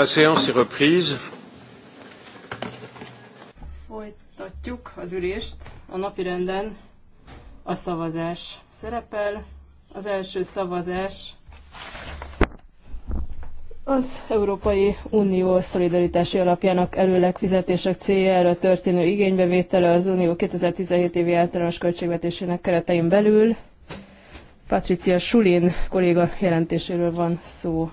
La séance est reprise. Folytatjuk az ülést. A napi renden a szavazás szerepel. Az első szavazás az Európai Unió szolidaritási alapjának előleg fizetések céljára történő igénybevétele az Unió 2017 évi általános költségvetésének keretein belül. Patricia Sulin kolléga jelentéséről van szó.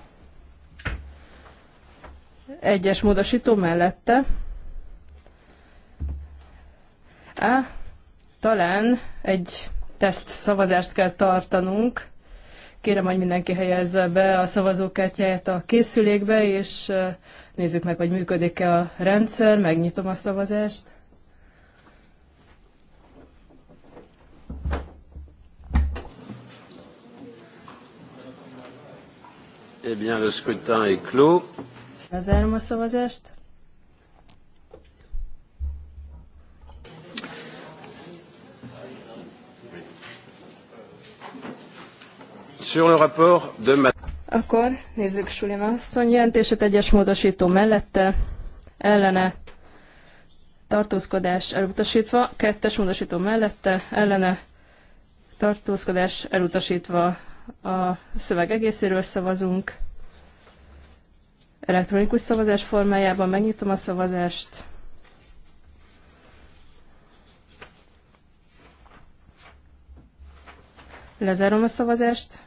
Egyes módosító mellette. Á, talán egy teszt szavazást kell tartanunk. Kérem, hogy mindenki helyezze be a szavazókártyáját a készülékbe, és nézzük meg, hogy működik-e a rendszer. Megnyitom a szavazást. Eh bien, le scrutin est clos. Lezárom a szavazást. Sur le rapport de ma... Akkor nézzük Sulina asszony jelentését egyes módosító mellette, ellene tartózkodás elutasítva, kettes módosító mellette, ellene tartózkodás elutasítva a szöveg egészéről szavazunk. Elektronikus szavazás formájában megnyitom a szavazást. Lezárom a szavazást.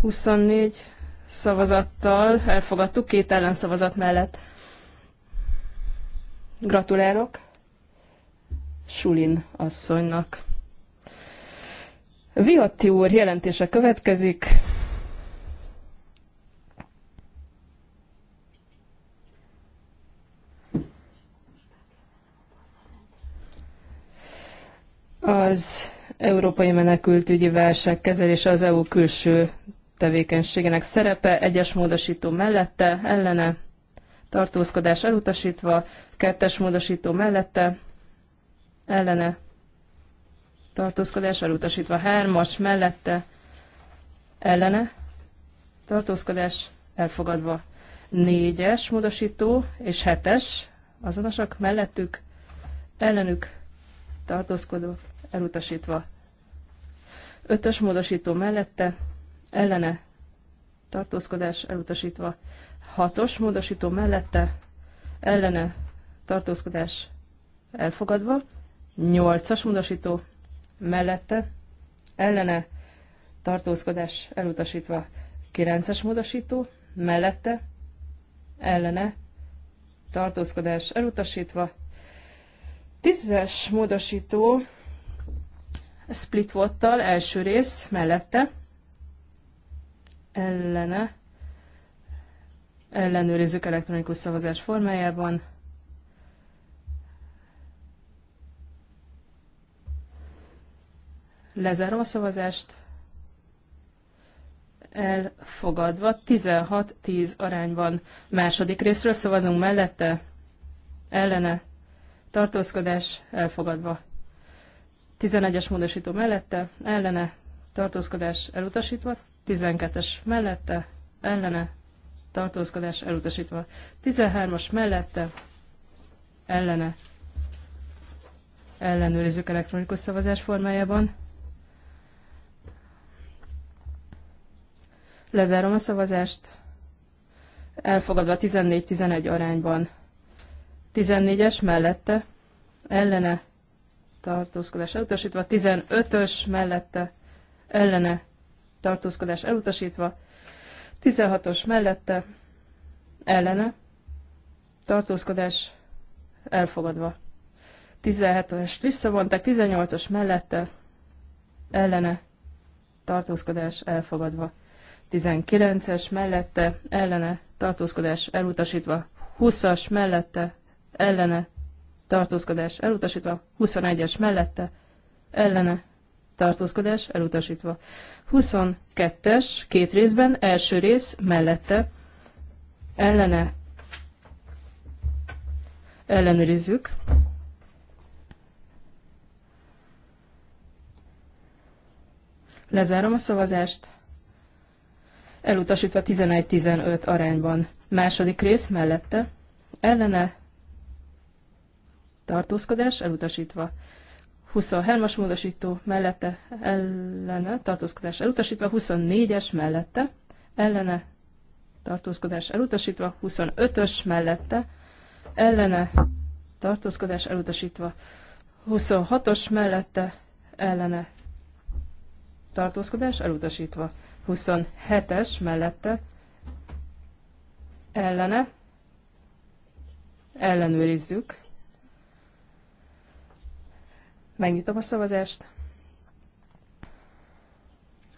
Huszonnégy szavazattal elfogadtuk, két ellenszavazat mellett. Gratulálok Sulin asszonynak. Viatti úr jelentése következik. Az Európai Menekültügyi Válság kezelése az EU külső tevékenységének szerepe, egyes módosító mellette, ellene, tartózkodás elutasítva, kettes módosító mellette, ellene, tartózkodás elutasítva. Hármas mellette ellene tartózkodás elfogadva. Négyes módosító és hetes azonosak mellettük ellenük tartózkodó elutasítva. Ötös módosító mellette ellene tartózkodás elutasítva. Hatos módosító mellette ellene tartózkodás elfogadva. Nyolcas módosító mellette, ellene, tartózkodás elutasítva 9-es módosító, mellette, ellene, tartózkodás elutasítva. 10-es módosító split vottal, első rész, mellette, ellene, ellenőrizzük elektronikus szavazás formájában. Lezárom a szavazást. Elfogadva 16-10 arányban. Második részről szavazunk mellette. Ellene. Tartózkodás elfogadva. 11-es módosító mellette. Ellene. Tartózkodás elutasítva. 12-es mellette. Ellene. Tartózkodás elutasítva. 13-as mellette. Ellene ellenőrizzük elektronikus szavazás formájában. Lezárom a szavazást. Elfogadva 14-11 arányban. 14-es mellette, ellene, tartózkodás elutasítva, 15-ös mellette, ellene, tartózkodás elutasítva, 16-os mellette, ellene, tartózkodás elfogadva. 17-est visszavonták, 18 os mellette, ellene, tartózkodás elfogadva. 19-es mellette ellene tartózkodás elutasítva, 20-as mellette ellene tartózkodás elutasítva, 21-es mellette ellene tartózkodás elutasítva. 22-es két részben, első rész mellette ellene ellenőrizzük. Lezárom a szavazást elutasítva 11-15 arányban. Második rész mellette, ellene, tartózkodás, elutasítva. 23-as módosító mellette, ellene, tartózkodás elutasítva, 24-es mellette, ellene, tartózkodás elutasítva, 25-ös mellette, ellene, tartózkodás elutasítva, 26-os mellette, ellene, tartózkodás elutasítva. 27-es mellette ellene ellenőrizzük. Megnyitom a szavazást.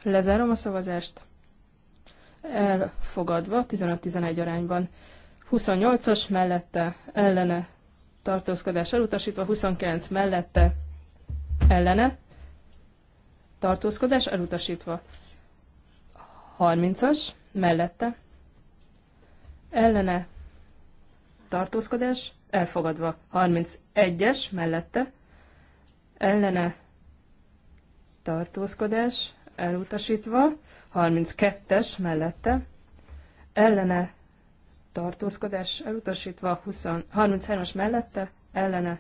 Lezárom a szavazást. Elfogadva 15-11 arányban. 28-as mellette ellene tartózkodás elutasítva, 29 mellette ellene tartózkodás elutasítva. 30-as, mellette, ellene, tartózkodás, elfogadva. 31-es, mellette, ellene, tartózkodás, elutasítva. 32-es, mellette, ellene, tartózkodás, elutasítva. 33-as, mellette, ellene,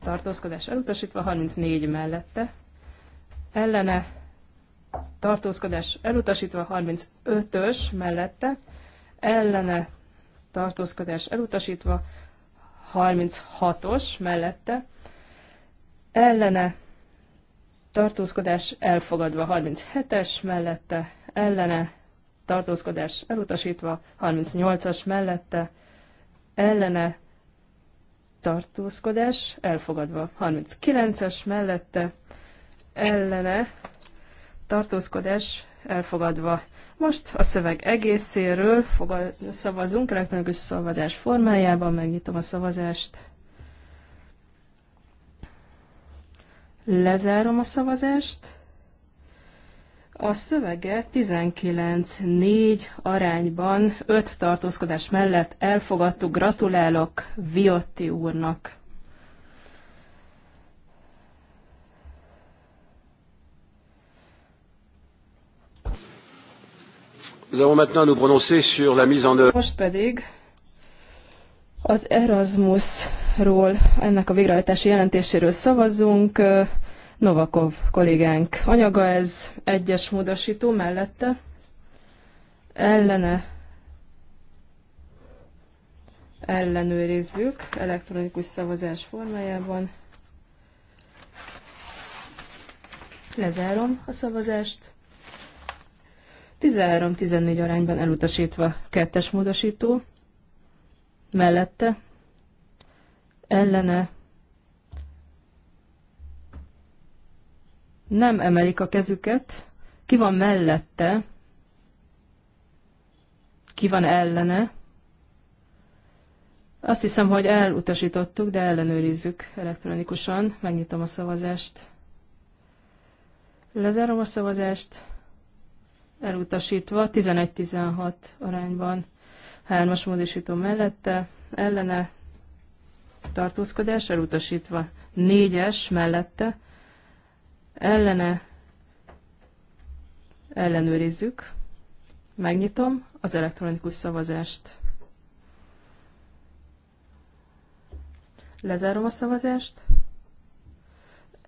tartózkodás, elutasítva. 34 mellette, ellene, tartózkodás elutasítva, 35-ös mellette, ellene tartózkodás elutasítva, 36-os mellette, ellene tartózkodás elfogadva, 37-es mellette, ellene tartózkodás elutasítva, 38-as mellette, ellene tartózkodás elfogadva, 39-es mellette, ellene tartózkodás elfogadva. Most a szöveg egészéről fogal- szavazunk elektronikus szavazás formájában, megnyitom a szavazást. Lezárom a szavazást. A szövege 19-4 arányban 5 tartózkodás mellett elfogadtuk. Gratulálok Viotti úrnak! Most pedig az Erasmusról, ennek a végrehajtási jelentéséről szavazzunk. Novakov kollégánk anyaga ez, egyes módosító mellette, ellene ellenőrizzük elektronikus szavazás formájában. Lezárom a szavazást. 13-14 arányban elutasítva kettes módosító, mellette, ellene, nem emelik a kezüket, ki van mellette, ki van ellene. Azt hiszem, hogy elutasítottuk, de ellenőrizzük elektronikusan. Megnyitom a szavazást. Lezárom a szavazást elutasítva, 11-16 arányban, hármas módosító mellette, ellene tartózkodás elutasítva, négyes mellette, ellene ellenőrizzük, megnyitom az elektronikus szavazást. Lezárom a szavazást.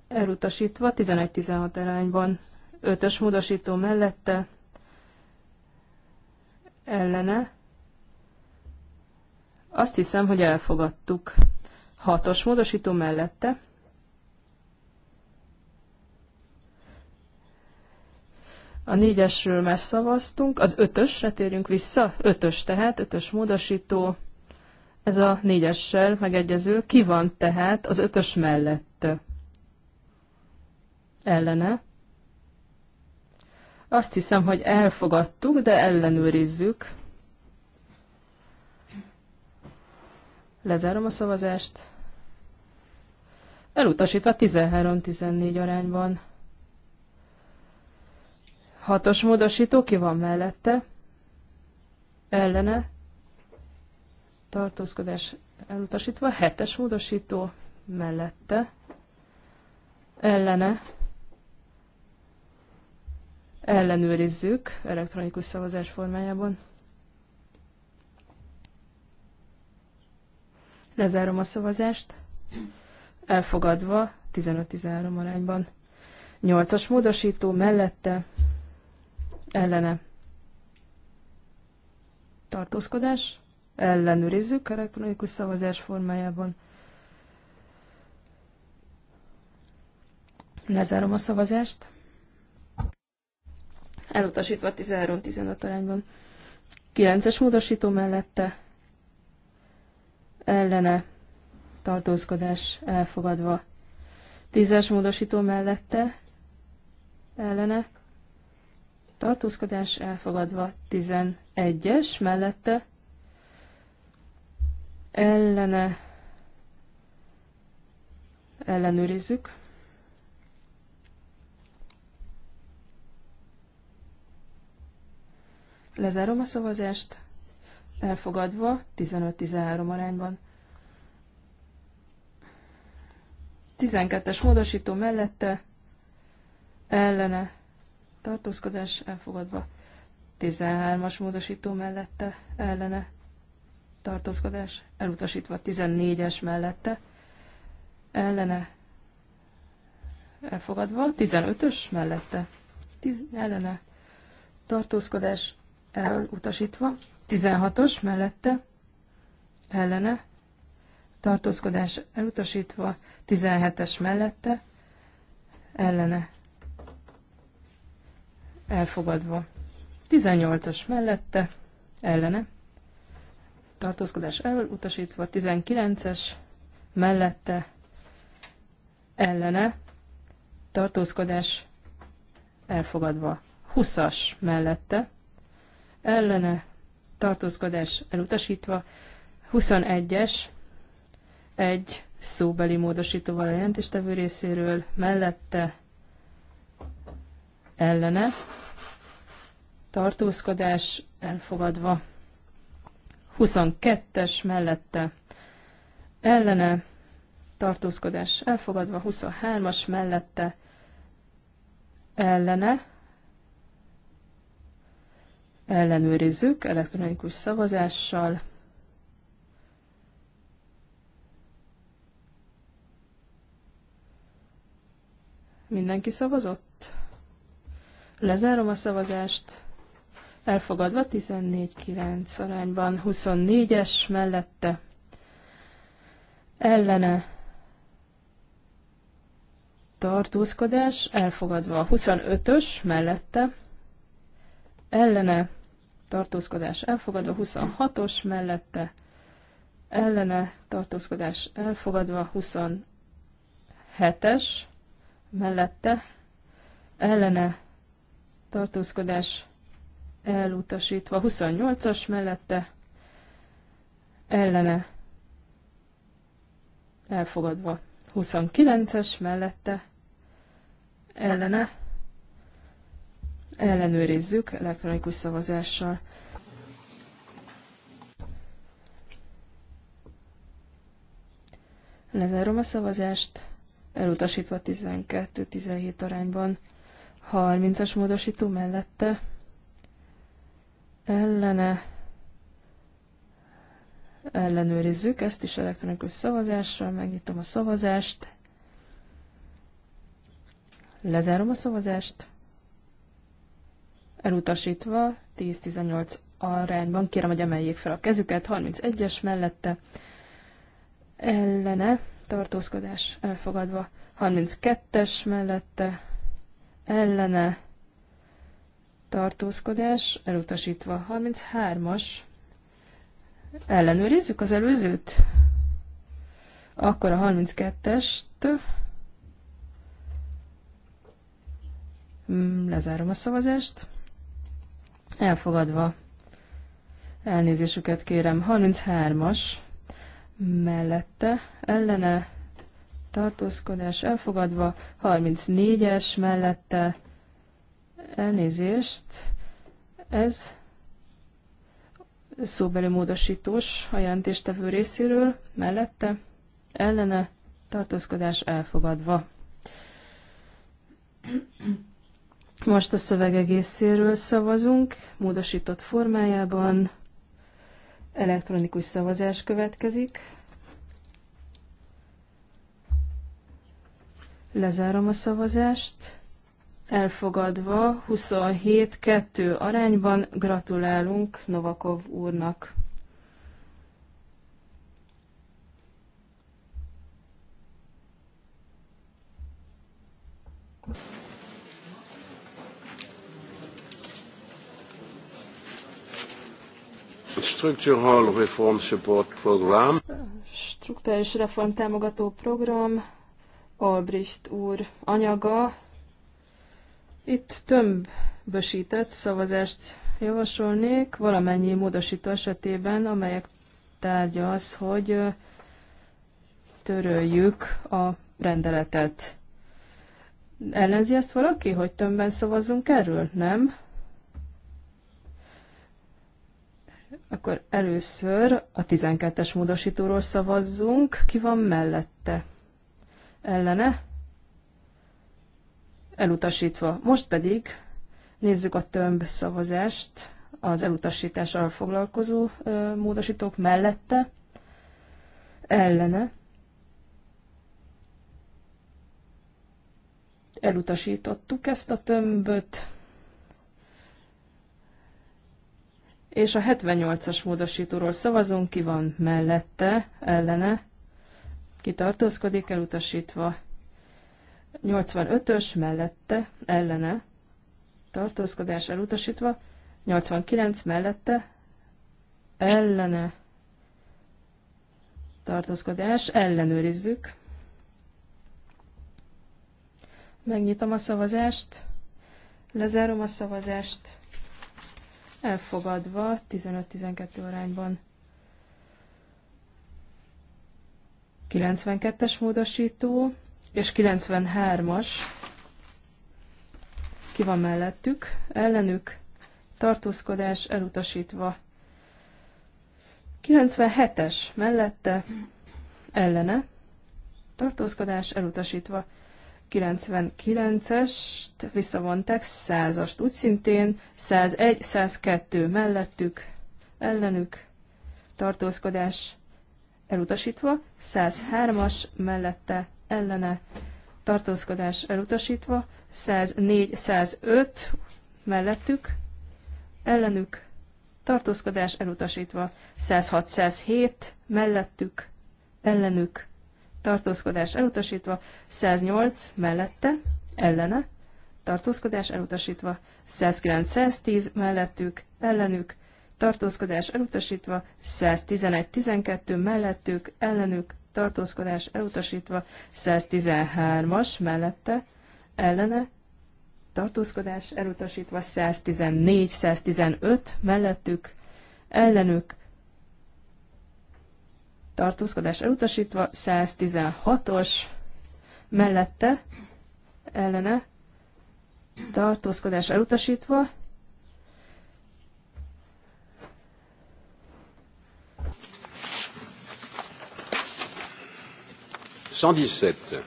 Elutasítva 11-16 arányban. 5-ös módosító mellette ellene. Azt hiszem, hogy elfogadtuk. Hatos módosító mellette. A négyesről már szavaztunk, az ötösre térjünk vissza, ötös tehát, ötös módosító, ez a négyessel megegyező, ki van tehát az ötös mellett? Ellene. Azt hiszem, hogy elfogadtuk, de ellenőrizzük. Lezárom a szavazást. Elutasítva 13-14 arányban. Hatos módosító ki van mellette? Ellene? Tartózkodás elutasítva. Hetes módosító mellette? Ellene? ellenőrizzük elektronikus szavazás formájában. Lezárom a szavazást. Elfogadva 15-13 arányban. 8-as módosító mellette ellene tartózkodás. Ellenőrizzük elektronikus szavazás formájában. Lezárom a szavazást elutasítva 13-15 arányban. 9-es módosító mellette ellene tartózkodás elfogadva. 10-es módosító mellette ellene tartózkodás elfogadva. 11-es mellette ellene ellenőrizzük. Lezárom a szavazást. Elfogadva 15-13 arányban. 12-es módosító mellette ellene tartózkodás elfogadva. 13-as módosító mellette ellene tartózkodás elutasítva. 14-es mellette ellene elfogadva. 15-ös mellette ellene tartózkodás elutasítva, 16-os mellette, ellene, tartózkodás elutasítva, 17-es mellette, ellene, elfogadva, 18-as mellette, ellene, tartózkodás elutasítva, 19-es mellette, ellene, tartózkodás elfogadva, 20-as mellette, ellene tartózkodás elutasítva, 21-es, egy szóbeli módosítóval a jelentéstevő részéről, mellette ellene tartózkodás elfogadva, 22-es mellette ellene tartózkodás elfogadva, 23-as mellette ellene ellenőrizzük elektronikus szavazással. Mindenki szavazott? Lezárom a szavazást. Elfogadva 14-9 arányban, 24-es mellette, ellene tartózkodás, elfogadva 25-ös mellette, ellene tartózkodás elfogadva, 26-os mellette ellene tartózkodás elfogadva, 27-es mellette ellene tartózkodás elutasítva, 28-as mellette ellene elfogadva, 29-es mellette ellene ellenőrizzük elektronikus szavazással. Lezárom a szavazást, elutasítva 12-17 arányban. 30-as módosító mellette ellene ellenőrizzük ezt is elektronikus szavazással, megnyitom a szavazást, lezárom a szavazást, elutasítva 10-18 arányban. Kérem, hogy emeljék fel a kezüket. 31-es mellette ellene tartózkodás elfogadva. 32-es mellette ellene tartózkodás elutasítva. 33-as ellenőrizzük az előzőt. Akkor a 32-est mm, lezárom a szavazást. Elfogadva. Elnézésüket kérem. 33-as mellette ellene tartózkodás elfogadva, 34-es mellette elnézést, ez szóbeli módosítós a jelentéstevő részéről, mellette ellene tartózkodás elfogadva. Most a szöveg egészéről szavazunk, módosított formájában. Elektronikus szavazás következik. Lezárom a szavazást. Elfogadva 27-2 arányban gratulálunk Novakov úrnak. Thank you. Structural Reform Support Program. Struktúrális reform támogató program, Albrecht úr anyaga. Itt bösített szavazást javasolnék valamennyi módosító esetében, amelyek tárgya az, hogy töröljük a rendeletet. Ellenzi ezt valaki, hogy tömbben szavazzunk erről? Nem? Akkor először a 12-es módosítóról szavazzunk. Ki van mellette? Ellene? Elutasítva. Most pedig nézzük a tömb szavazást az elutasítással foglalkozó módosítók mellette. Ellene? Elutasítottuk ezt a tömböt. és a 78-as módosítóról szavazunk, ki van mellette, ellene, ki tartózkodik, elutasítva. 85-ös mellette, ellene, tartózkodás elutasítva, 89 mellette, ellene, tartózkodás, ellenőrizzük. Megnyitom a szavazást, lezárom a szavazást, elfogadva 15-12 arányban. 92-es módosító és 93-as ki van mellettük, ellenük tartózkodás elutasítva. 97-es mellette ellene tartózkodás elutasítva. 99-est visszavonták, 100-ast úgy szintén, 101, 102 mellettük, ellenük, tartózkodás elutasítva, 103-as mellette, ellene, tartózkodás elutasítva, 104, 105 mellettük, ellenük, tartózkodás elutasítva, 106, 107 mellettük, ellenük, tartózkodás elutasítva, 108 mellette, ellene, tartózkodás elutasítva, 109-110 mellettük, ellenük, tartózkodás elutasítva, 111-12 mellettük, ellenük, tartózkodás elutasítva, 113-as mellette, ellene, tartózkodás elutasítva, 114-115 mellettük, ellenük, tartózkodás elutasítva, 116-os mellette ellene tartózkodás elutasítva, Cent dix-sept.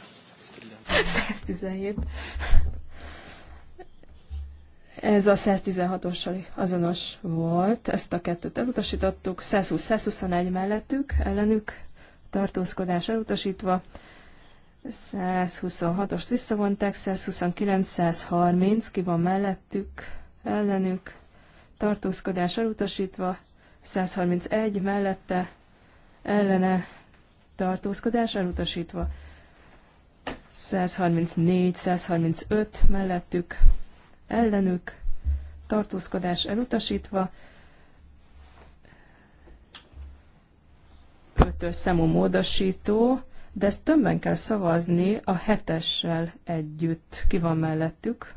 Ez a 116-ossal azonos volt, ezt a kettőt elutasítottuk, 120-121 mellettük, ellenük tartózkodás elutasítva, 126-ost visszavonták, 129-130 ki van mellettük, ellenük tartózkodás elutasítva, 131 mellette, ellene tartózkodás elutasítva, 134-135 mellettük, ellenük, tartózkodás elutasítva, ötös számú módosító, de ezt többen kell szavazni a hetessel együtt. Ki van mellettük?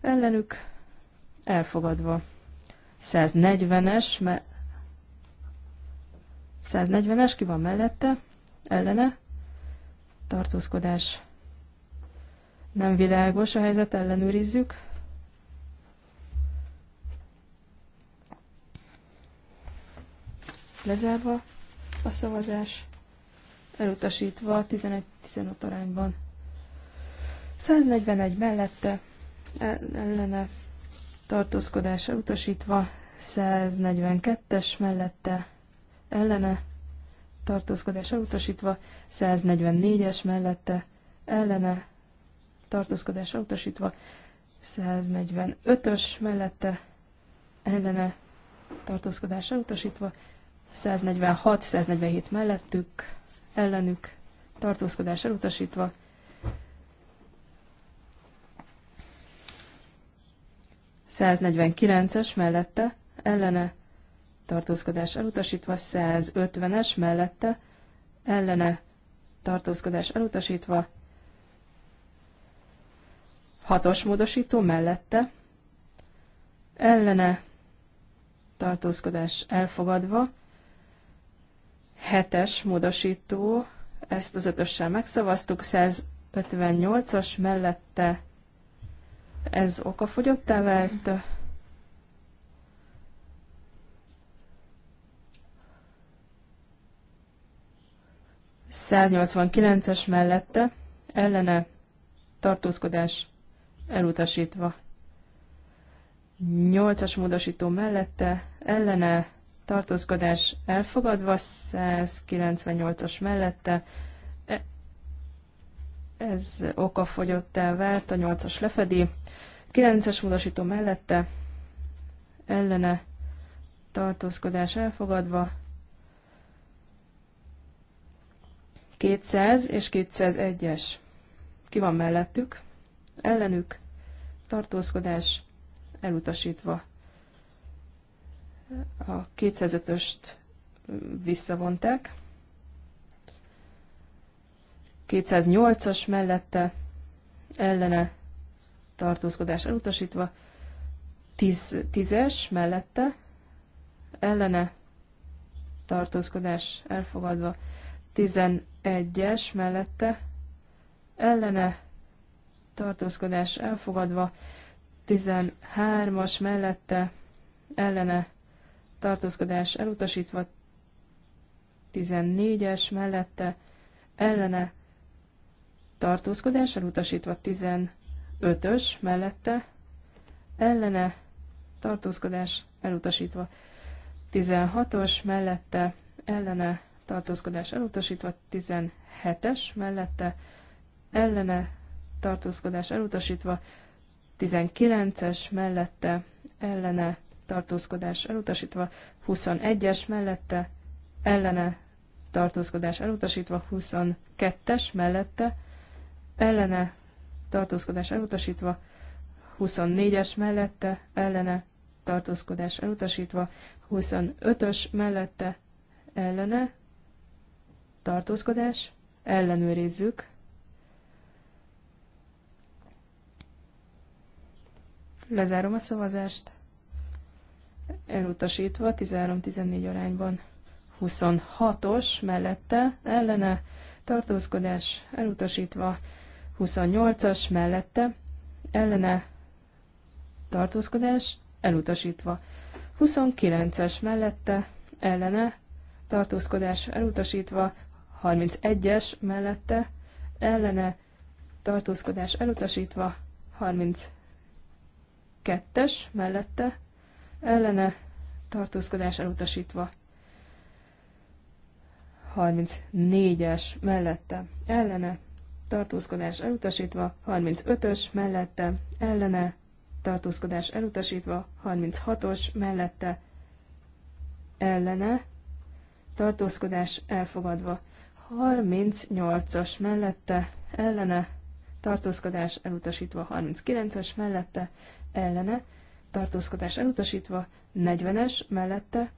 Ellenük elfogadva. 140-es, mert 140-es, ki van mellette? Ellene? Tartózkodás nem világos a helyzet, ellenőrizzük. Lezárva a szavazás, elutasítva 11-15 arányban. 141 mellette, ellene tartózkodás elutasítva, 142-es mellette, ellene tartózkodás elutasítva, 144-es mellette, ellene tartózkodásra elutasítva, 145-ös mellette ellene tartózkodásra elutasítva, 146-147 mellettük, ellenük tartózkodásra elutasítva, ...149-es mellette, ellene, tartózkodás elutasítva, 150-es mellette, ellene, tartózkodás elutasítva, Hatos módosító mellette ellene tartózkodás elfogadva. Hetes módosító, ezt az ötössel megszavaztuk, 158-as mellette ez okafogyottá vált. es mellette ellene tartózkodás elutasítva. nyolcas módosító mellette, ellene, tartózkodás elfogadva, 198-as mellette, e, ez el, vált, a 8-as lefedi, 9-es módosító mellette, ellene, tartózkodás elfogadva, 200 és 201-es. Ki van mellettük? ellenük tartózkodás elutasítva. A 205-öst visszavonták. 208-as mellette ellene tartózkodás elutasítva, 10-es mellette ellene tartózkodás elfogadva, 11-es mellette ellene tartózkodás elfogadva, 13-as mellette ellene tartózkodás elutasítva, 14-es mellette ellene tartózkodás elutasítva, 15-ös mellette ellene tartózkodás elutasítva, 16-os mellette ellene tartózkodás elutasítva, 17-es mellette ellene tartózkodás elutasítva, 19-es mellette ellene tartózkodás elutasítva, 21-es mellette ellene tartózkodás elutasítva, 22-es mellette ellene tartózkodás elutasítva, 24-es mellette ellene tartózkodás elutasítva, 25-ös mellette ellene tartózkodás, ellenőrizzük. Lezárom a szavazást. Elutasítva 13-14 arányban. 26-os mellette ellene tartózkodás elutasítva. 28-as mellette ellene tartózkodás elutasítva. 29-es mellette ellene tartózkodás elutasítva. 31-es mellette ellene tartózkodás elutasítva. 30 kettes mellette ellene tartózkodás elutasítva. 34-es mellette ellene tartózkodás elutasítva, 35-ös mellette ellene tartózkodás elutasítva, 36-os mellette ellene tartózkodás elfogadva, 38-as mellette ellene tartózkodás elutasítva 39-es mellette, ellene, tartózkodás elutasítva 40-es mellette,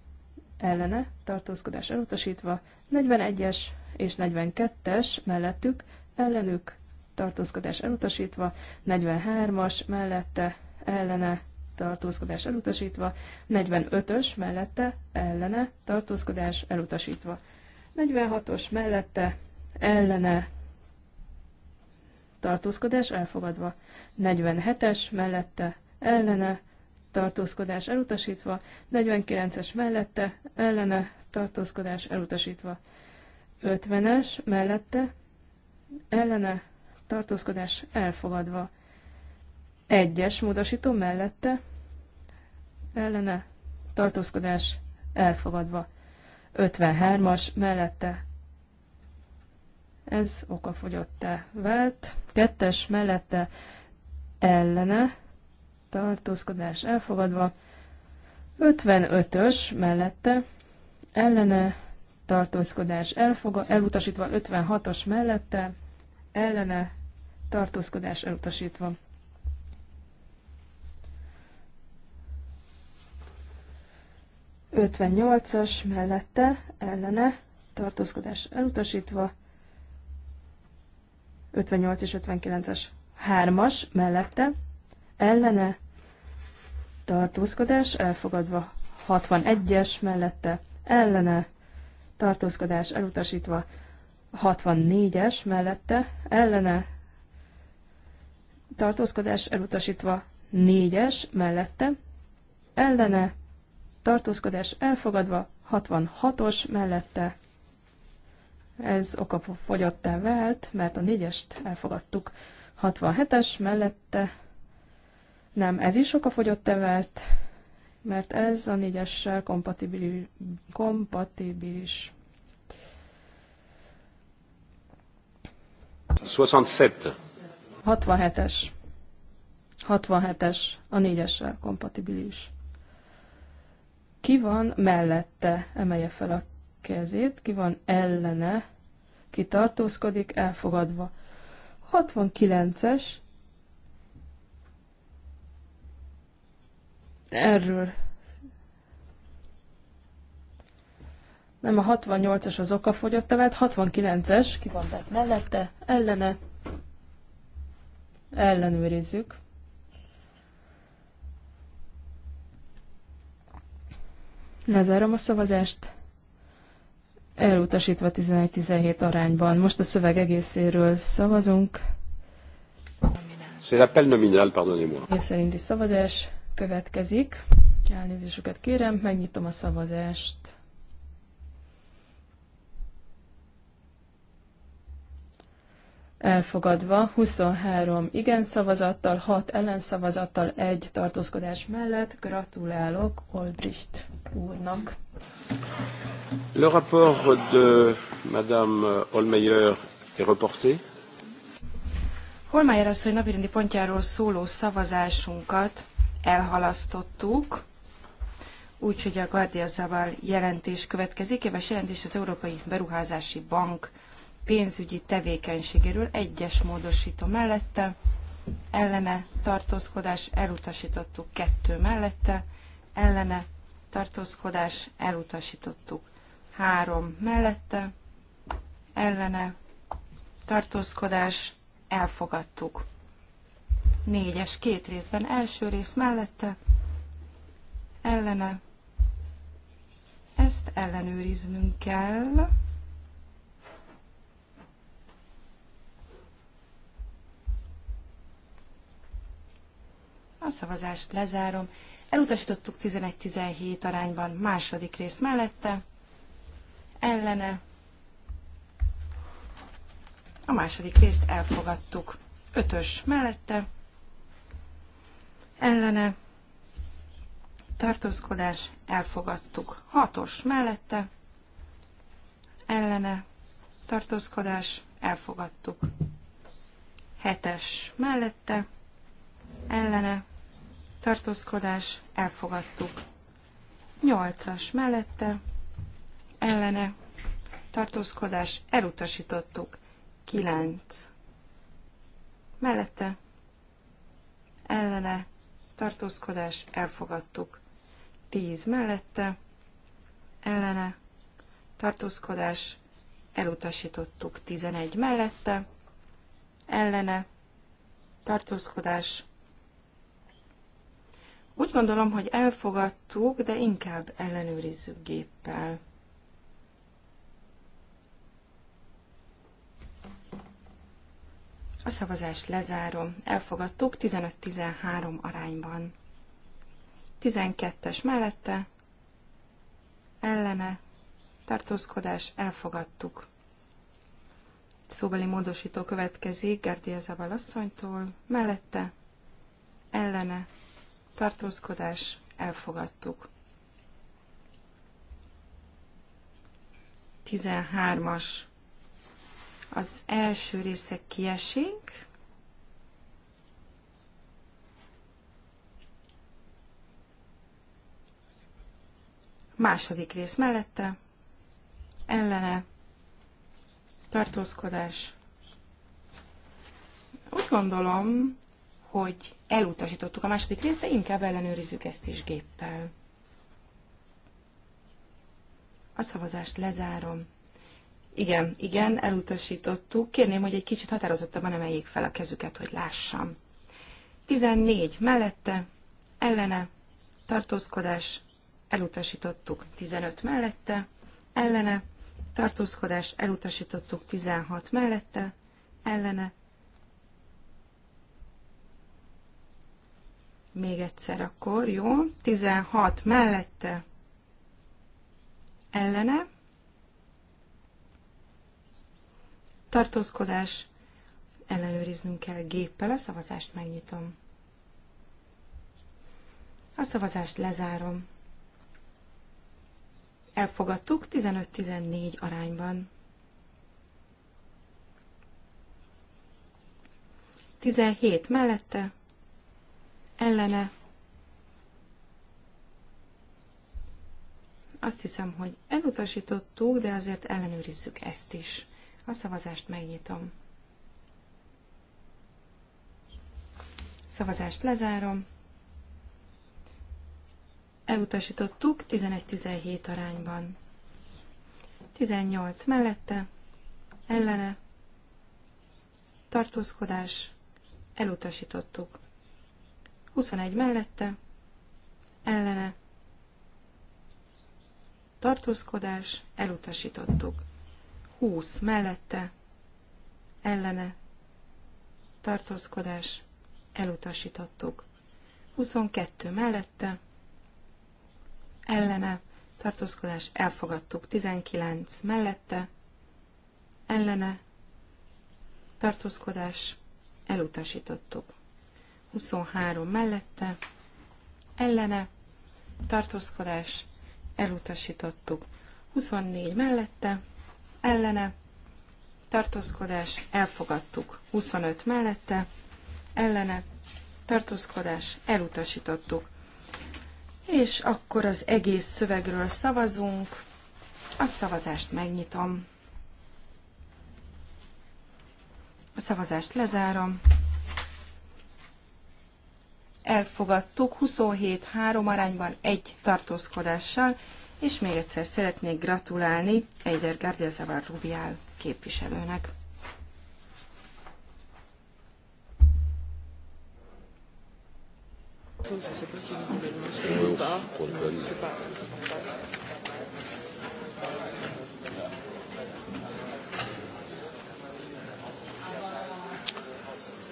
ellene, tartózkodás elutasítva 41-es és 42-es mellettük, ellenük, tartózkodás elutasítva 43-as mellette, ellene, tartózkodás elutasítva, 45-ös mellette, ellene, tartózkodás elutasítva. 46-os mellette, ellene, tartózkodás elfogadva. 47-es mellette ellene tartózkodás elutasítva, 49-es mellette ellene tartózkodás elutasítva. 50-es mellette ellene tartózkodás elfogadva. 1-es módosító mellette ellene tartózkodás elfogadva. 53-as mellette ez okafogyottá vált. Kettes mellette ellene tartózkodás elfogadva. 55-ös mellette ellene tartózkodás elfogadva, elutasítva, 56-os mellette ellene tartózkodás elutasítva. Ötvennyolcas mellette ellene tartózkodás elutasítva, 58 és 59-es hármas mellette ellene tartózkodás elfogadva 61-es mellette ellene tartózkodás elutasítva 64-es mellette ellene tartózkodás elutasítva 4-es mellette ellene tartózkodás elfogadva 66-os mellette ez oka okafogyottá vált, mert a négyest elfogadtuk. 67-es mellette nem, ez is okafogyottá vált, mert ez a négyessel kompatibilis. kompatibilis. 67. 67-es. 67-es a négyessel kompatibilis. Ki van mellette, emelje fel a kezét, ki van ellene, ki tartózkodik, elfogadva. 69-es, erről nem a 68-as az oka fogyott tehát 69-es, ki van tehát mellette, ellene, ellenőrizzük. Lezárom a szavazást elutasítva 11-17 arányban. Most a szöveg egészéről szavazunk. C'est l'appel nominal, pardonnez-moi. Név szerinti szavazás következik. Elnézésüket kérem, megnyitom a szavazást. elfogadva 23 igen szavazattal, 6 ellenszavazattal, 1 tartózkodás mellett. Gratulálok Olbricht úrnak. Le rapport de Madame Olmeyer est reporté. Holmeyer asszony napirendi pontjáról szóló szavazásunkat elhalasztottuk, úgyhogy a Guardia jelentés következik. Éves jelentés az Európai Beruházási Bank pénzügyi tevékenységéről egyes módosító mellette, ellene tartózkodás elutasítottuk kettő mellette, ellene tartózkodás elutasítottuk három mellette, ellene tartózkodás elfogadtuk. Négyes két részben első rész mellette, ellene ezt ellenőriznünk kell. A szavazást lezárom. Elutasítottuk 11-17 arányban második rész mellette, ellene. A második részt elfogadtuk. Ötös mellette, ellene. Tartózkodás, elfogadtuk. Hatos mellette, ellene. Tartózkodás, elfogadtuk. Hetes mellette, ellene tartózkodás, elfogadtuk. 8 mellette, ellene, tartózkodás, elutasítottuk. 9. Mellette, ellene, tartózkodás, elfogadtuk. 10 mellette, ellene, tartózkodás, elutasítottuk. 11 mellette, ellene, tartózkodás, úgy gondolom, hogy elfogadtuk, de inkább ellenőrizzük géppel. A szavazást lezárom. Elfogadtuk 15-13 arányban. 12-es mellette, ellene, tartózkodás, elfogadtuk. Szóbeli módosító következik Gerdia Zabal mellette, ellene, tartózkodás, elfogadtuk. 13-as. Az első részek kiesik. Második rész mellette. Ellene. Tartózkodás. Úgy gondolom, hogy elutasítottuk a második részt, de inkább ellenőrizzük ezt is géppel. A szavazást lezárom. Igen, igen, elutasítottuk. Kérném, hogy egy kicsit határozottabban emeljék fel a kezüket, hogy lássam. 14 mellette, ellene, tartózkodás, elutasítottuk. 15 mellette, ellene, tartózkodás, elutasítottuk. 16 mellette, ellene, Még egyszer akkor, jó. 16 mellette ellene. Tartózkodás. Ellenőriznünk kell géppel. A szavazást megnyitom. A szavazást lezárom. Elfogadtuk 15-14 arányban. 17 mellette ellene. Azt hiszem, hogy elutasítottuk, de azért ellenőrizzük ezt is. A szavazást megnyitom. Szavazást lezárom. Elutasítottuk 11-17 arányban. 18 mellette, ellene, tartózkodás, elutasítottuk. 21 mellette, ellene, tartózkodás, elutasítottuk. 20 mellette, ellene, tartózkodás, elutasítottuk. 22 mellette, ellene, tartózkodás, elfogadtuk. 19 mellette, ellene, tartózkodás, elutasítottuk. 23 mellette, ellene, tartózkodás, elutasítottuk. 24 mellette, ellene, tartózkodás, elfogadtuk. 25 mellette, ellene, tartózkodás, elutasítottuk. És akkor az egész szövegről szavazunk. A szavazást megnyitom. A szavazást lezárom elfogadtuk 27-3 arányban egy tartózkodással, és még egyszer szeretnék gratulálni Eider Gardiazabal Rubiál képviselőnek.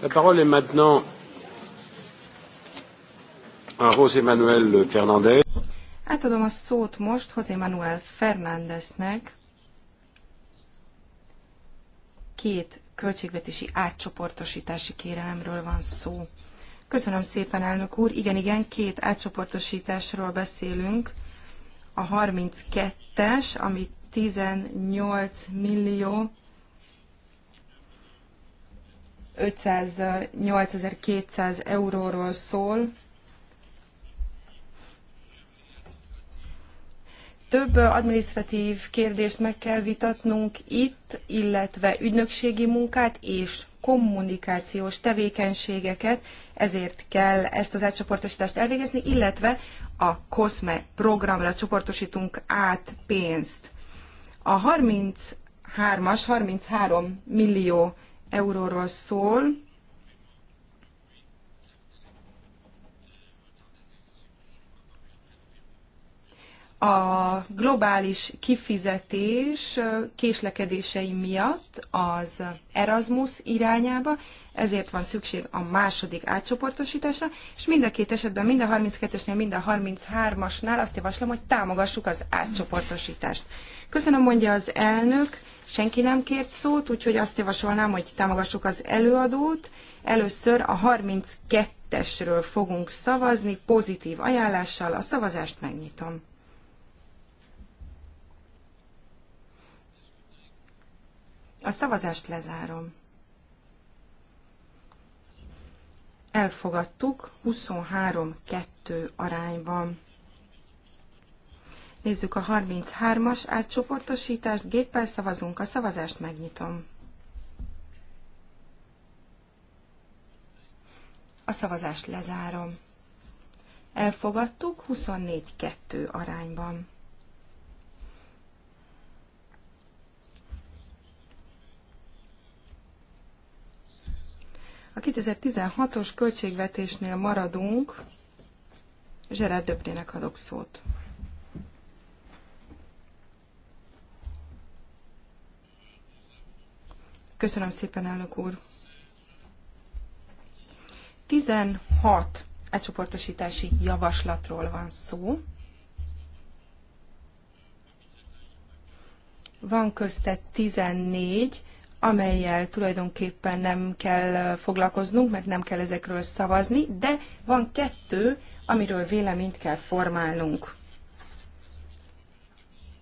La parole est maintenant a José Manuel Fernández. Átadom a szót most José Manuel Fernándeznek. Két költségvetési átcsoportosítási kérelemről van szó. Köszönöm szépen, elnök úr. Igen, igen, két átcsoportosításról beszélünk. A 32-es, ami 18 millió 508.200 euróról szól, több administratív kérdést meg kell vitatnunk itt, illetve ügynökségi munkát és kommunikációs tevékenységeket, ezért kell ezt az átcsoportosítást elvégezni, illetve a COSME programra csoportosítunk át pénzt. A 33-as, 33 millió euróról szól, a globális kifizetés késlekedései miatt az Erasmus irányába, ezért van szükség a második átcsoportosításra, és mind a két esetben, mind a 32-esnél, mind a 33-asnál azt javaslom, hogy támogassuk az átcsoportosítást. Köszönöm, mondja az elnök, senki nem kért szót, úgyhogy azt javasolnám, hogy támogassuk az előadót. Először a 32-esről fogunk szavazni pozitív ajánlással, a szavazást megnyitom. A szavazást lezárom. Elfogadtuk 23-2 arányban. Nézzük a 33-as átcsoportosítást, géppel szavazunk, a szavazást megnyitom. A szavazást lezárom. Elfogadtuk 24-2 arányban. A 2016-os költségvetésnél maradunk. Zserát Döprének adok szót. Köszönöm szépen, elnök úr. 16 átcsoportosítási javaslatról van szó. Van köztet 14, amelyel tulajdonképpen nem kell foglalkoznunk, mert nem kell ezekről szavazni, de van kettő, amiről véleményt kell formálnunk.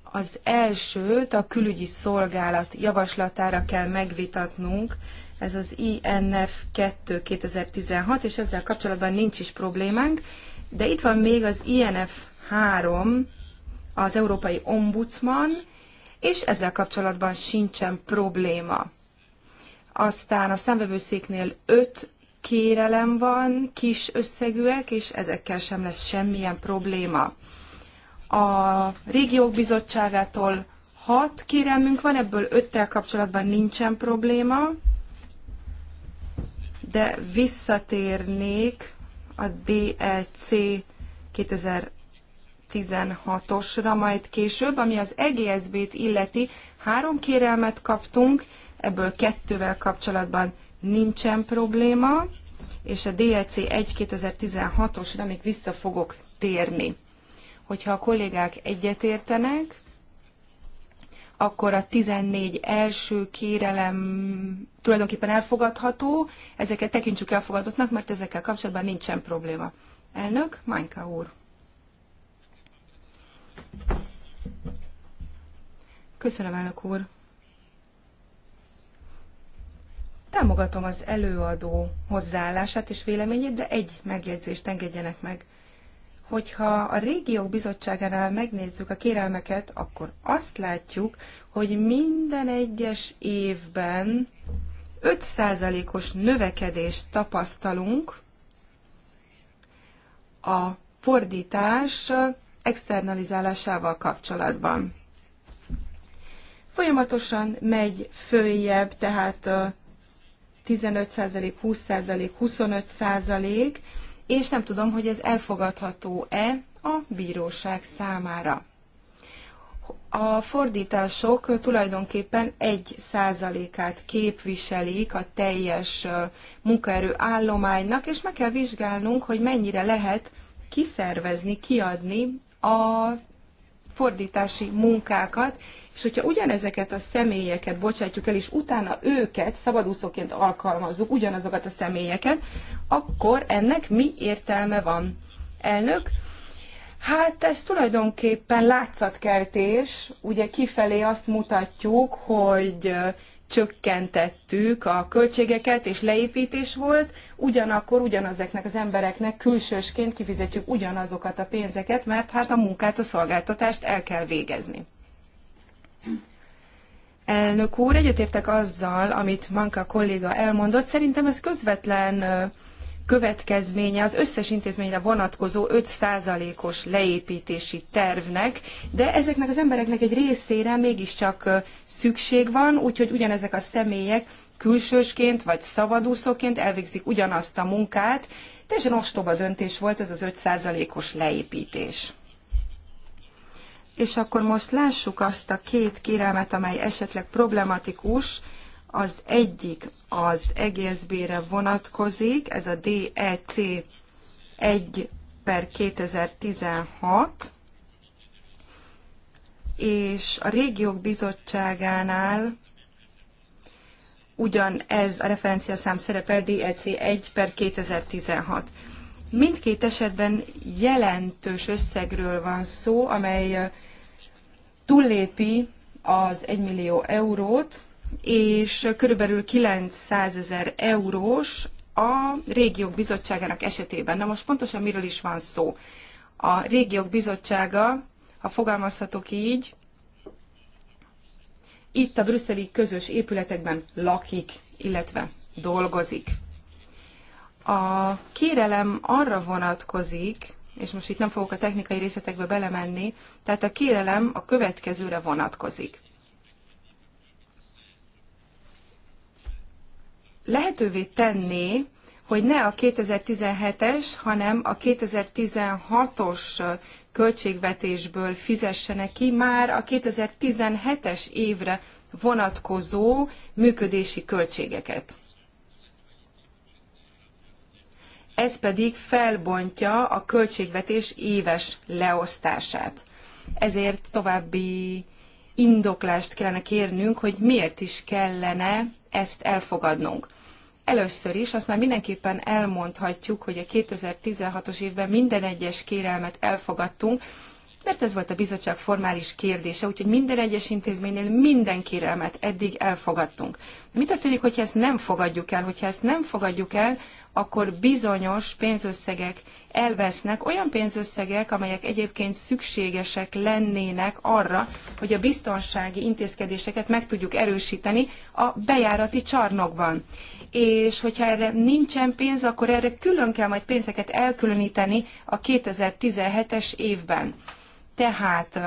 Az elsőt a külügyi szolgálat javaslatára kell megvitatnunk, ez az INF 2 2016, és ezzel kapcsolatban nincs is problémánk, de itt van még az INF 3, az Európai Ombudsman, és ezzel kapcsolatban sincsen probléma. Aztán a számvevőszéknél öt kérelem van, kis összegűek, és ezekkel sem lesz semmilyen probléma. A régiók bizottságától hat kérelmünk van, ebből öttel kapcsolatban nincsen probléma, de visszatérnék a DLC 2000 16-osra majd később, ami az EGSB-t illeti. Három kérelmet kaptunk, ebből kettővel kapcsolatban nincsen probléma, és a DLC 1 2016-osra még vissza fogok térni. Hogyha a kollégák egyetértenek, akkor a 14 első kérelem tulajdonképpen elfogadható, ezeket tekintsük elfogadottnak, mert ezekkel kapcsolatban nincsen probléma. Elnök, Mányka úr. Köszönöm, elnök úr. Támogatom az előadó hozzáállását és véleményét, de egy megjegyzést engedjenek meg. Hogyha a régiók bizottságánál megnézzük a kérelmeket, akkor azt látjuk, hogy minden egyes évben 5%-os növekedést tapasztalunk a fordítás externalizálásával kapcsolatban. Folyamatosan megy följebb, tehát 15%, 20%, 25%, és nem tudom, hogy ez elfogadható-e a bíróság számára. A fordítások tulajdonképpen 1%-át képviselik a teljes munkaerő állománynak, és meg kell vizsgálnunk, hogy mennyire lehet kiszervezni, kiadni a fordítási munkákat, és hogyha ugyanezeket a személyeket bocsátjuk el, és utána őket szabadúszóként alkalmazzuk, ugyanazokat a személyeket, akkor ennek mi értelme van? Elnök, Hát ez tulajdonképpen látszatkeltés, ugye kifelé azt mutatjuk, hogy csökkentettük a költségeket, és leépítés volt, ugyanakkor ugyanazeknek az embereknek külsősként kifizetjük ugyanazokat a pénzeket, mert hát a munkát, a szolgáltatást el kell végezni. Elnök úr, egyetértek azzal, amit Manka kolléga elmondott. Szerintem ez közvetlen következménye az összes intézményre vonatkozó 5%-os leépítési tervnek, de ezeknek az embereknek egy részére mégiscsak szükség van, úgyhogy ugyanezek a személyek külsősként vagy szabadúszóként elvégzik ugyanazt a munkát. Teljesen ostoba döntés volt ez az 5%-os leépítés. És akkor most lássuk azt a két kérelmet, amely esetleg problematikus, az egyik az egészbére vonatkozik, ez a DEC 1 per 2016, és a régiók bizottságánál ugyan ez a referenciaszám szerepel DEC 1 per 2016. Mindkét esetben jelentős összegről van szó, amely túllépi az 1 millió eurót, és körülbelül 900 ezer eurós a régiók bizottságának esetében. Na most pontosan miről is van szó? A régiók bizottsága, ha fogalmazhatok így, itt a brüsszeli közös épületekben lakik, illetve dolgozik. A kérelem arra vonatkozik, és most itt nem fogok a technikai részletekbe belemenni, tehát a kérelem a következőre vonatkozik. lehetővé tenni, hogy ne a 2017-es, hanem a 2016-os költségvetésből fizessenek ki már a 2017-es évre vonatkozó működési költségeket. Ez pedig felbontja a költségvetés éves leosztását. Ezért további indoklást kellene kérnünk, hogy miért is kellene ezt elfogadnunk. Először is azt már mindenképpen elmondhatjuk, hogy a 2016-os évben minden egyes kérelmet elfogadtunk, mert ez volt a bizottság formális kérdése, úgyhogy minden egyes intézménynél minden kérelmet eddig elfogadtunk. De mi történik, hogyha ezt nem fogadjuk el? Hogyha ezt nem fogadjuk el, akkor bizonyos pénzösszegek elvesznek, olyan pénzösszegek, amelyek egyébként szükségesek lennének arra, hogy a biztonsági intézkedéseket meg tudjuk erősíteni a bejárati csarnokban. És hogyha erre nincsen pénz, akkor erre külön kell majd pénzeket elkülöníteni a 2017-es évben. Tehát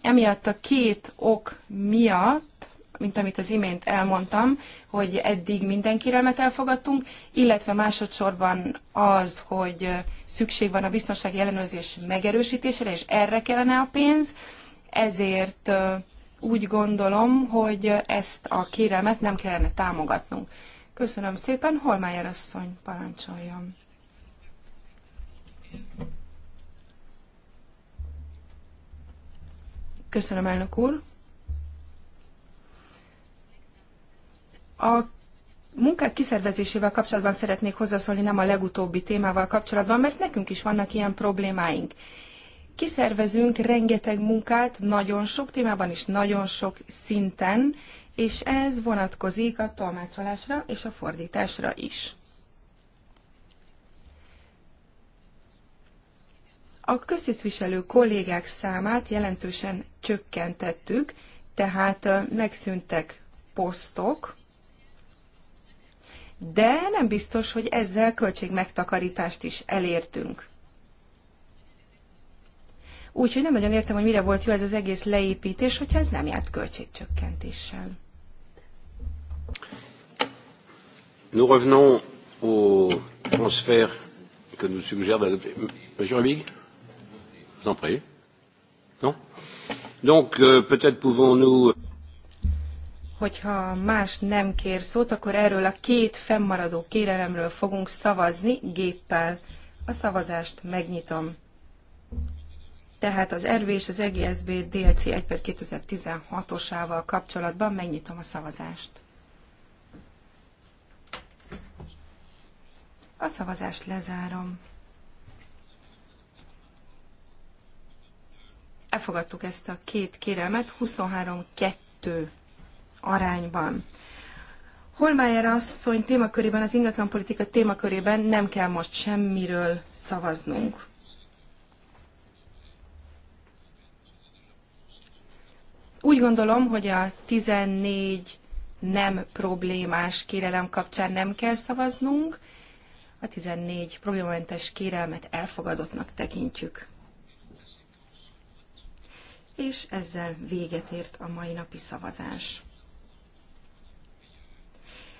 emiatt a két ok miatt, mint amit az imént elmondtam, hogy eddig minden kérelmet elfogadtunk, illetve másodszorban az, hogy szükség van a biztonsági ellenőrzés megerősítésére, és erre kellene a pénz, ezért úgy gondolom, hogy ezt a kérelmet nem kellene támogatnunk. Köszönöm szépen, Holmájer asszony, parancsoljon. Köszönöm, elnök úr. A munkák kiszervezésével kapcsolatban szeretnék hozzászólni, nem a legutóbbi témával kapcsolatban, mert nekünk is vannak ilyen problémáink. Kiszervezünk rengeteg munkát nagyon sok témában és nagyon sok szinten, és ez vonatkozik a tolmácsolásra és a fordításra is. A köztisztviselő kollégák számát jelentősen csökkentettük, tehát megszűntek posztok, de nem biztos, hogy ezzel költségmegtakarítást is elértünk. Úgyhogy nem nagyon értem, hogy mire volt jó ez az egész leépítés, hogyha ez nem járt költségcsökkentéssel. Nous revenons au transfert que nous suggère Monsieur Amig vous en prie. Non Donc, euh, peut-être pouvons-nous... Euh, Hogyha más nem kér szót, akkor erről a két fennmaradó kérelemről fogunk szavazni géppel. A szavazást megnyitom. Tehát az RB és az EGSB DLC 1 per 2016-osával kapcsolatban megnyitom a szavazást. A szavazást lezárom. elfogadtuk ezt a két kérelmet 23-2 arányban. Holmájer asszony témakörében, az ingatlanpolitika témakörében nem kell most semmiről szavaznunk. Úgy gondolom, hogy a 14 nem problémás kérelem kapcsán nem kell szavaznunk, a 14 problémamentes kérelmet elfogadottnak tekintjük és ezzel véget ért a mai napi szavazás.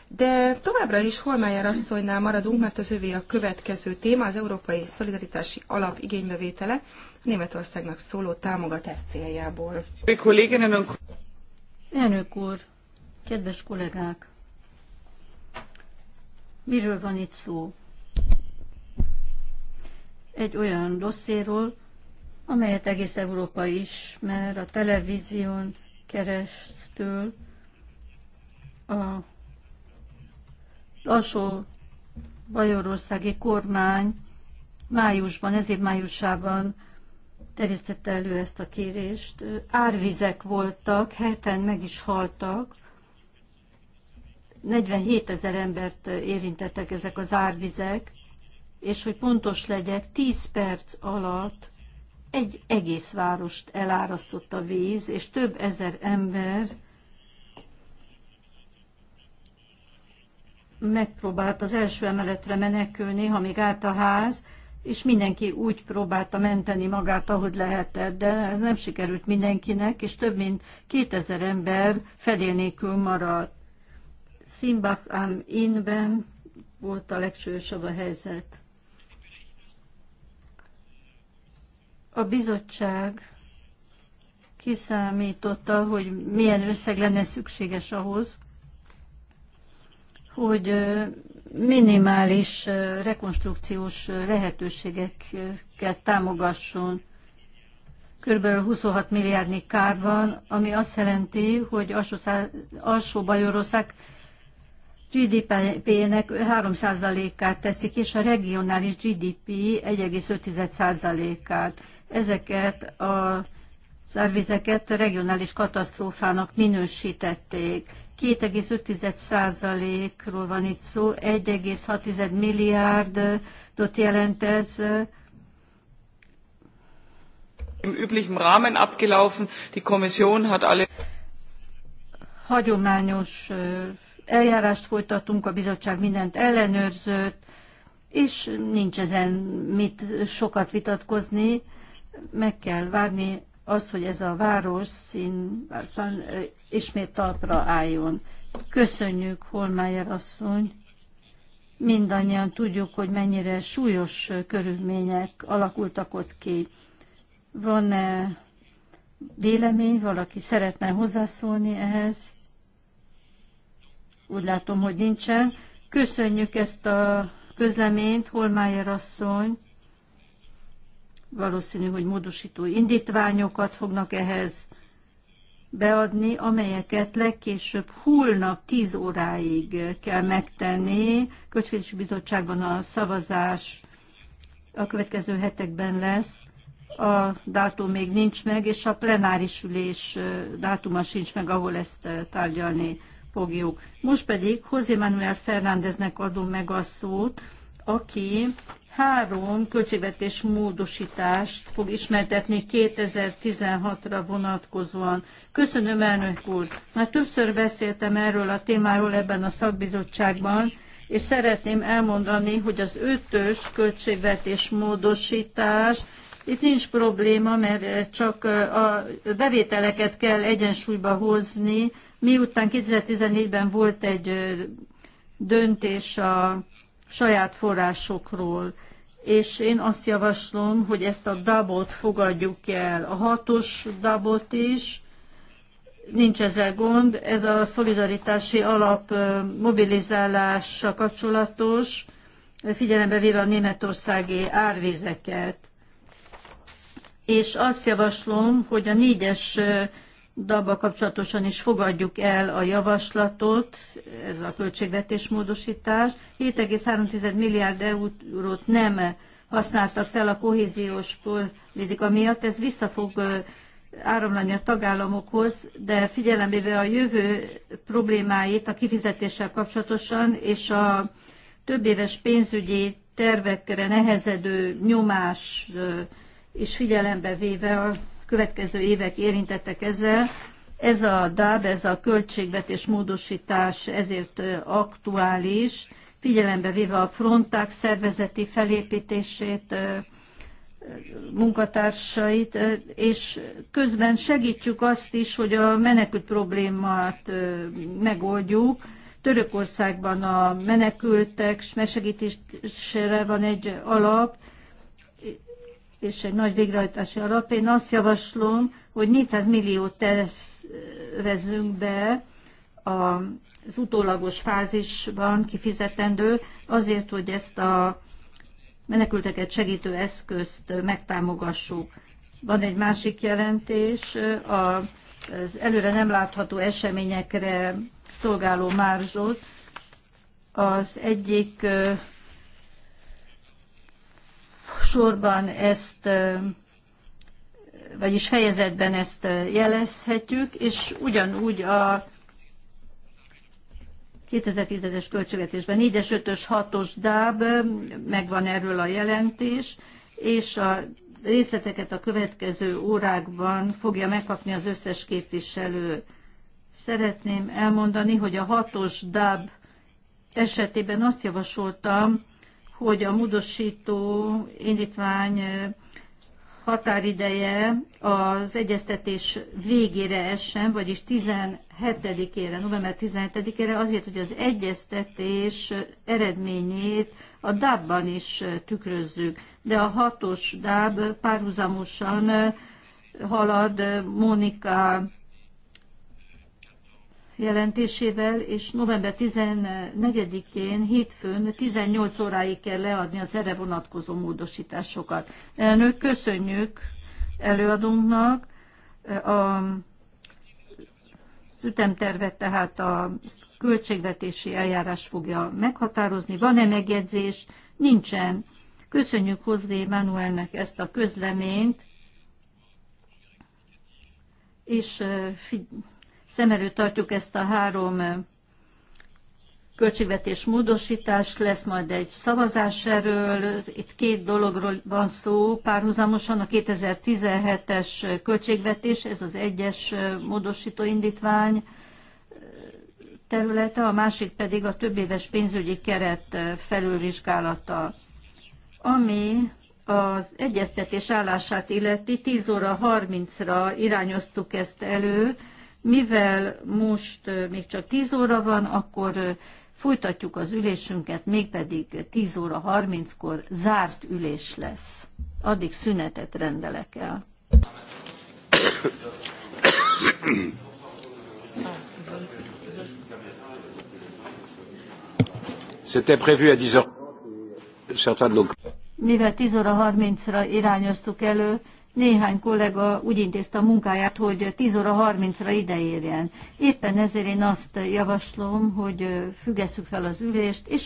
De továbbra is Holmájer asszonynál maradunk, mert az övé a következő téma, az Európai Szolidaritási Alap igénybevétele Németországnak szóló támogatás céljából. Elnök úr, kedves kollégák! Miről van itt szó? Egy olyan dosszéről, amelyet egész Európa ismer, a televízión keresztül a alsó bajorországi kormány májusban, ez év májusában terjesztette elő ezt a kérést. Árvizek voltak, heten meg is haltak. 47 ezer embert érintettek ezek az árvizek, és hogy pontos legyek, 10 perc alatt egy egész várost elárasztott a víz, és több ezer ember megpróbált az első emeletre menekülni, ha még állt a ház, és mindenki úgy próbálta menteni magát, ahogy lehetett, de nem sikerült mindenkinek, és több mint 2000 ember fedél nélkül maradt. Szimbach am inben volt a legsősebb a helyzet. A bizottság kiszámította, hogy milyen összeg lenne szükséges ahhoz, hogy minimális rekonstrukciós lehetőségeket támogasson. Körülbelül 26 milliárdnyi kár van, ami azt jelenti, hogy alsó Bajorország GDP-nek 3%-át teszik, és a regionális GDP 1,5%-át ezeket a szervizeket regionális katasztrófának minősítették. 2,5%-ról van itt szó, 1,6 milliárdot jelent ez. Im üblichen Rahmen abgelaufen. Die Kommission hat alle hagyományos eljárást folytatunk, a bizottság mindent ellenőrzött, és nincs ezen mit sokat vitatkozni meg kell várni azt, hogy ez a város szín ismét talpra álljon. Köszönjük, Holmájer asszony! Mindannyian tudjuk, hogy mennyire súlyos körülmények alakultak ott ki. Van-e vélemény, valaki szeretne hozzászólni ehhez? Úgy látom, hogy nincsen. Köszönjük ezt a közleményt, Holmájer asszony! Valószínű, hogy módosító indítványokat fognak ehhez beadni, amelyeket legkésőbb holnap 10 óráig kell megtenni. Költségvetési Bizottságban a szavazás a következő hetekben lesz. A dátum még nincs meg, és a plenáris ülés dátuma sincs meg, ahol ezt tárgyalni fogjuk. Most pedig José Manuel Fernándeznek adom meg a szót, aki három költségvetés módosítást fog ismertetni 2016-ra vonatkozóan. Köszönöm, elnök úr! Már többször beszéltem erről a témáról ebben a szakbizottságban, és szeretném elmondani, hogy az ötös költségvetés módosítás, itt nincs probléma, mert csak a bevételeket kell egyensúlyba hozni, miután 2014-ben volt egy döntés a saját forrásokról. És én azt javaslom, hogy ezt a dabot fogadjuk el, a hatos dabot is, nincs ezzel gond, ez a szolidaritási alap mobilizálása kapcsolatos, figyelembe véve a németországi árvizeket. És azt javaslom, hogy a négyes dabba kapcsolatosan is fogadjuk el a javaslatot, ez a költségvetés módosítás. 7,3 milliárd eurót nem használtak fel a kohéziós politika miatt, ez vissza fog áramlani a tagállamokhoz, de figyelembe a jövő problémáit a kifizetéssel kapcsolatosan és a több éves pénzügyi tervekre nehezedő nyomás és figyelembe véve a következő évek érintettek ezzel. Ez a DAB, ez a költségvetés módosítás ezért aktuális, figyelembe véve a fronták szervezeti felépítését, munkatársait, és közben segítjük azt is, hogy a menekült problémát megoldjuk. Törökországban a menekültek segítésére van egy alap, és egy nagy végrehajtási alap. Én azt javaslom, hogy 400 milliót tervezünk be az utólagos fázisban kifizetendő, azért, hogy ezt a menekülteket segítő eszközt megtámogassuk. Van egy másik jelentés, az előre nem látható eseményekre szolgáló márzsot. Az egyik sorban ezt, vagyis fejezetben ezt jelezhetjük, és ugyanúgy a 2010-es költségvetésben 4-es, 5-ös, 6-os DÁB, megvan erről a jelentés, és a részleteket a következő órákban fogja megkapni az összes képviselő. Szeretném elmondani, hogy a 6-os DAB esetében azt javasoltam, hogy a módosító indítvány határideje az egyeztetés végére essen, vagyis 17-ére, november 17-ére, azért, hogy az egyeztetés eredményét a dábban is tükrözzük. De a hatos dáb párhuzamosan halad Mónika jelentésével, és november 14-én, hétfőn 18 óráig kell leadni az erre vonatkozó módosításokat. Elnök, köszönjük előadónknak. A, az ütemtervet tehát a költségvetési eljárás fogja meghatározni. Van-e megjegyzés? Nincsen. Köszönjük hozzá Manuelnek ezt a közleményt, és szem előtt tartjuk ezt a három költségvetés módosítás, lesz majd egy szavazás erről. Itt két dologról van szó párhuzamosan, a 2017-es költségvetés, ez az egyes módosító indítvány területe, a másik pedig a éves pénzügyi keret felülvizsgálata, ami az egyeztetés állását illeti 10 óra 30-ra irányoztuk ezt elő, mivel most még csak 10 óra van, akkor folytatjuk az ülésünket, mégpedig 10 óra 30-kor zárt ülés lesz. Addig szünetet rendelek el. C'était prévu à 10 heures. Certains de nos... Mivel 10 óra 30-ra irányoztuk elő, néhány kollega úgy intézte a munkáját, hogy 10 óra 30-ra ideérjen. Éppen ezért én azt javaslom, hogy függesszük fel az ülést, és